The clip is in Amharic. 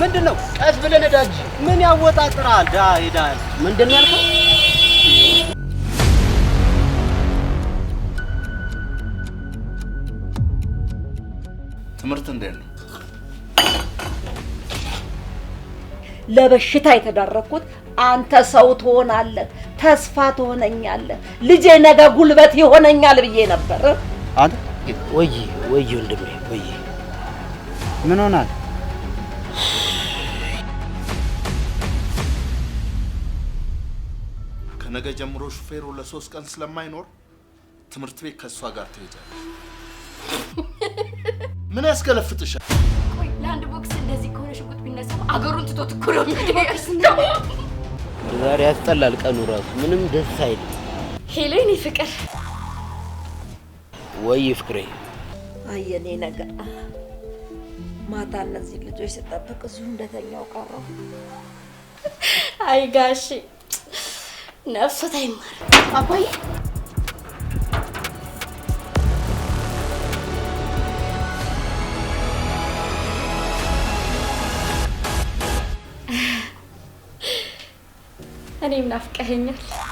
ምንድን ነው? ቀስ ብለህ ነዳ ምን ያወጣጥራል? ዳ ሄዳል። ምንድን ነው ያልከው? ትምህርት እንዴት ነው? ለበሽታ የተዳረኩት አንተ ሰው ትሆናለህ፣ ተስፋ ትሆነኛለህ፣ ልጄ ነገ ጉልበት ይሆነኛል ብዬ ነበር። አንተ ወይ ወይ ወንድሜ ወይ ምን ሆናል? ከነገ ጀምሮ ሹፌሩ ለሶስት ቀን ስለማይኖር ትምህርት ቤት ከእሷ ጋር ትሄጃለሽ። ምን ያስገለፍጥሻል? ለአንድ ቦክስ እንደዚህ ከሆነ ሽጉጥ ቢነሳም አገሩን ትቶ እኮ ነው ዛሬ ያስጠላል ቀኑ ራሱ ምንም ደስ አይልም። ሄሎይን ይፍቅር ወይ ፍቅሬ። አየኔ ነገር ማታ እነዚህ ልጆች ስጠብቅ እዙ እንደተኛው ቀረው። አይ ጋሺ nurse timer అబ్బాయి أنا منافقة هنيال